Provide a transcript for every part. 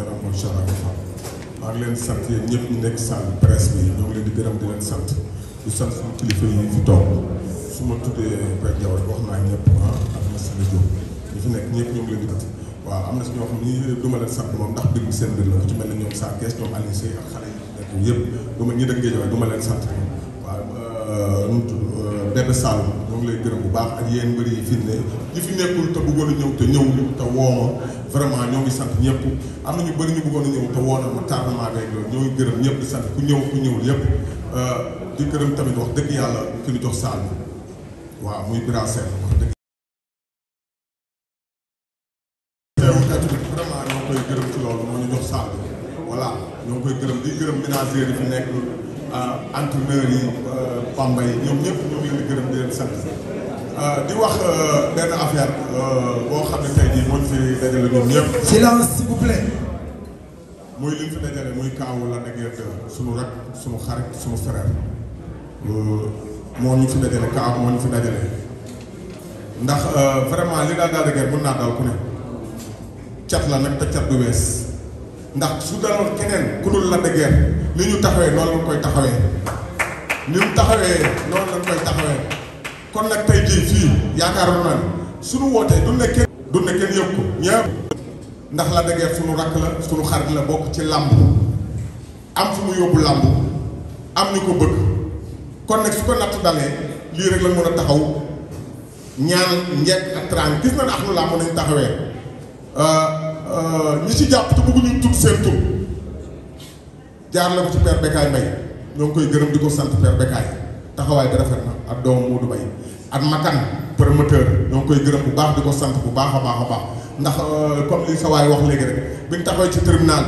Aïdara mooy Chara Fall maa ngi leen sant yéen ñëpp ñu nekk salle presse yi ñoo ngi leen di gërëm di leen sant di sant suñu kilifa yi fi toog su ma tuddee Père Diawar wax naa ñëpp ah ak Massiré ñoo ngi leen di waaw am na si ñoo xam ne du ma leen sant moom ndax mbir mi seen mbir la ci mel na ñoom saa kees ñoom Alioune Seye ak xale yi nekk yëpp du ma ñi dëkk Géejawaay ma leen sant waaw euh, euh, bébé Saloum ngi lay gërëm bu baax ak yéen mbëri yi fi ne ñi fi nekkul te bëggoon a ñëw te ñëwuñu te woo vraiment ñoo sant ñëpp am na ñu ñu bëggoon a ñëw te woo na ma tardement gërëm ñëpp di sant ku ñëw ku ñëwul yëpp euh, di gërëm tamit wax dëgg yàlla ki ñu waaw muy Bira Sène ñoo koy gërëm ci loolu moo ñu jox saal bi ñoo koy gërëm di gërëm ménagères yi fi nekk Euh, entraîneurs yi euh, Bambey ñoom ñëpp ñoo ngi leen di gërëm di leen sant euh, di wax benn affaire boo xam ne tey jii moo fi dajale ñoom ñëpp. silence s'il muy li ñu fi dajale muy Kaawu Lac de Guiers sunu rak sunu xarit sunu frère moo ñu fi dajale Kaaw moo ñu fi dajale ndax vraiment li daal daal de guerre mën naa daal ku ne cat la nag te cat du wees ndax su daloon keneen ku dul Lac de ni ñu taxawee noonu lañ koy taxawee ni mu taxawee noonu lañ koy taxawee kon nag tey jii fii yaakaaroon naa ne suñu wootee du ne du ne kenn yëpp ndax la dëggeer suñu rakk la suñu xarit la bokk ci làmb am fu mu yóbbu làmb am ñu ko bëgg kon nag su ko natt dalee lii rek lañ mën a taxaw ñaan njekk ak trang gis na ne ak lu làmb nañ taxawee euh, euh, ñi ci jàpp te bëgguñu tudd seen tur jaar la ko ci Père Bekaay Mbaye ñoo ngi koy gërëm di ko sant Père Bekaay taxawaay bi rafet na ak doomu Moodu Mbaye ak Makan promoteur ñoo ngi koy gërëm bu baax di ko sant bu baax a baax a baax ndax euh, comme li sa wax léegi rek bi ñu taxawee ci tribunal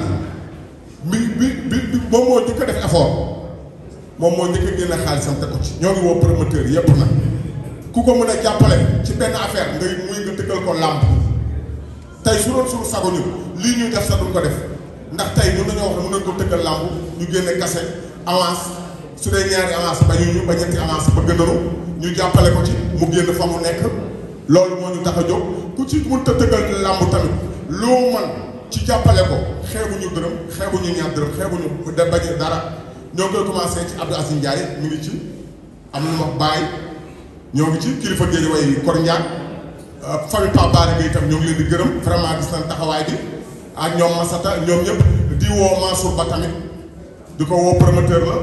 bi bi bi bi moom moo njëkk a def effort moom moo njëkk a génne xaalisam te ko ci ñoo ngi woo promoteur yépp nag ku ko mën a jàppale ci benn affaire ngay muy nga tëggal ko làmb tey su doon suñu sago lii ñuy def sa ko def ndax tey mën nañoo wax ne mën tëggal làmb ñu génne kase avance su dee ñaari avance ba ñu ñu ba ñetti avance ba gënalu ñu jàppale ko ci mu génn fa mu nekk loolu moo ñu tax a jóg ku ci mën ta tëggal làmb tamit loo man ci jàppale ko xeebuñu dërëm xeebuñu ñaar dërëm xeebuñu da bañ dara ñoo koy commencé ci Abdou Assane Ndiaye mi ngi ci am na ma bàyyi ñoo ngi ci kilifa géej way Kor Ndiaye euh, famille Pape Bara Gueye itam ñoo ngi leen di gërëm vraiment gis nañ taxawaay ak ñoom Masata ñoom ñëpp di woo Mansour Ba tamit di ko woo promoteur la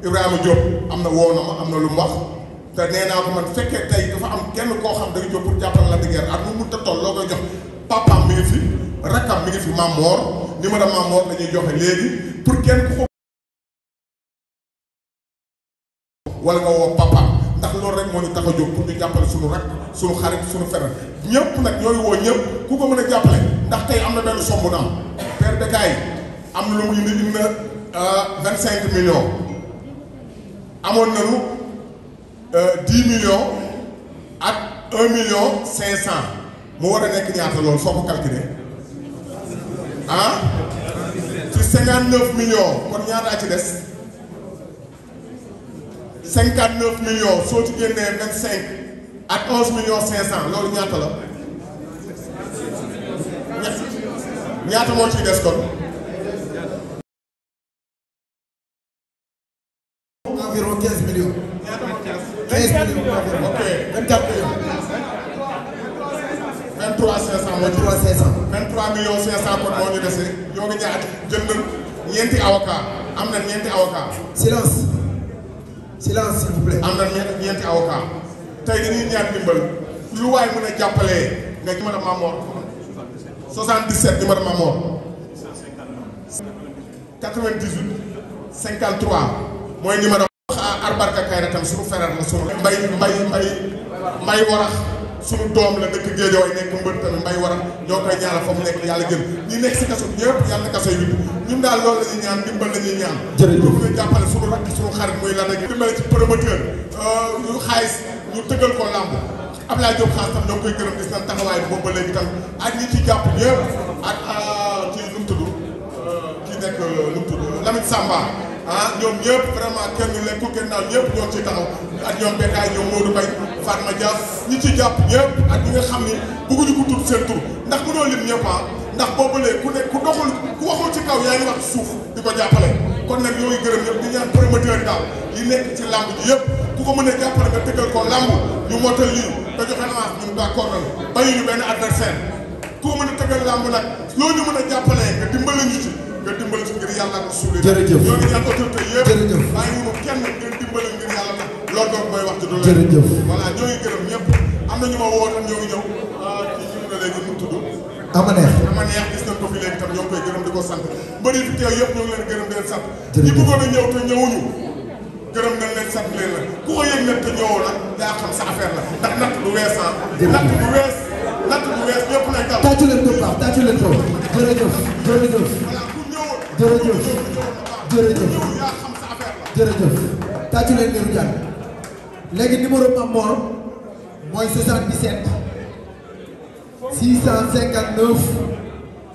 Ibrahima Diop am na woo na ma am na lu mu te nee naa ko man fekkee tey dafa am kenn koo xam da nga jóg pour jàppal Lac de Guiers ak mu mënta toll mi ngi fi rakkam mi ngi fi Mame Mor numéro Mame Mor dañuy joxe léegi pour kenn ku ko nga woo papaam loolu rek moo ñu tax a jóg pour ñu jàppale suñu rakk suñu xarit suñu feneen ñëpp nag ñooy woo ñëpp ku ko mën a jàppale ndax tey am na benn somb bu am père Bécaye am na lu mu indi indi na euh, vingt cinq millions amoon nañu euh, dix millions ak un million cinq cent mu war a nekk ñaata loolu soo ko calculé ah ci cinquante neuf millions kon ñaataa ci des cinquante neuf millions soo ci génnee vingt cinq ak onze millions cinq cent loolu ñaata la ñaata moo ciy des kon. ok 24 millions. 23 500 mooy 23 500. 23 millions 500 kon moo ñu dese ñoo ngi ñaata jënd ñeenti avocat am na ñeenti avocat. silence am na ñeenti 77 numéro Mamor 98 53 mooy numéro Arbarka Kayra tam suñu feral la suñu mbay mbay mbay mbay warax suñu doom la dëkk Géejawaay nekk mbër tamit mbay warax ñoo koy ñaanal fa mu nekk yàlla gën ñi nekk si kaso bi yàlla kaso yi ñun daal loolu la ñaan dimbal la ñaan jërëjëf ñu jàppale suñu rakk suñu xarit muy lan ak dimbale ci promoteur euh, ñu xaalis ñu tëggal ko làmb Abdoulaye Diop xaas tam danga koy gërëm di sant taxawaay bi boobu ba léegi tam ak ñi ci jàpp yëpp ak ci ah, lu mu tudd euh, ki nekk lu euh, mu tudd ah, ñoom ñëpp vraiment kenn leen ko gannaaw ñëpp ñoo ci taxaw ak ñoom Bekkaay ñoom Modou Mbaye Fatma Dia ñi ci jàpp ñëpp ak ñi nga xam ni bëgguñu ko tudd seen tur ndax mënoo lim ñëpp ah ndax boobu ku ne ku doxul ku waxul ci kaw yaa wax suuf di ko jàppale. kon nag yooyu gërëm ñëpp di ñaan promoteur daal yi nekk ci lamb ji yëpp ku ko mën a jàppale nga tëggal ko lamb ñu motal lii te joxe avance ñun d'accord nañu bàyyi ñu benn adversaire ku ko mën a tëggal lamb nag loolu ñu mën a jàppalee nga dimbale ñu ci nga dimbale ci ngir yàlla ko suulee jërëjëf ñoo ngi ñaan autorité yëpp bàyyi wunu kenn ngeen dimbale ngir yàlla nag loolu doon mooy wax ci doole jërëjëf voilà ñoo ngi gërëm ñëpp am nañu ma wootan ñoo ñëw ci ñu na léegi mu tudd ama neex ama neex gis nañ ko fi léegi tam ñoo koy gërëm mbëri fi teew yëpp ñoo ngi leen gërëm di leen sant. ñi bëggoon a ñëw te ñëwuñu gërëm nañ leen sant leen la ku ko yëg nag te ñëwoo la yaa xam sa affaire la ndax natt du wees ah. natt du wees natt du wees ñëpp lay dal. tàccu leen ko baax tàccu leen ko jërëjëf jërëjëf. jërëjëf jërëjëf jërëjëf tàccu leen Lirou Diane léegi numéro Mame Mor mooy 77 659.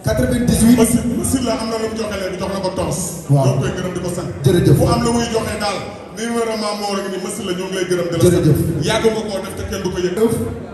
98. aussi aussi la am na lu mu joxe léegi jox na ko toos. waaw ñoo koy gërëm di ko sant. jërëjëf bu am lu muy joxe daal. a vraiment moo rek ni mësi la ñoo ngi lay di la sant jërëjëf yàgg nga koo def te du ko yëg.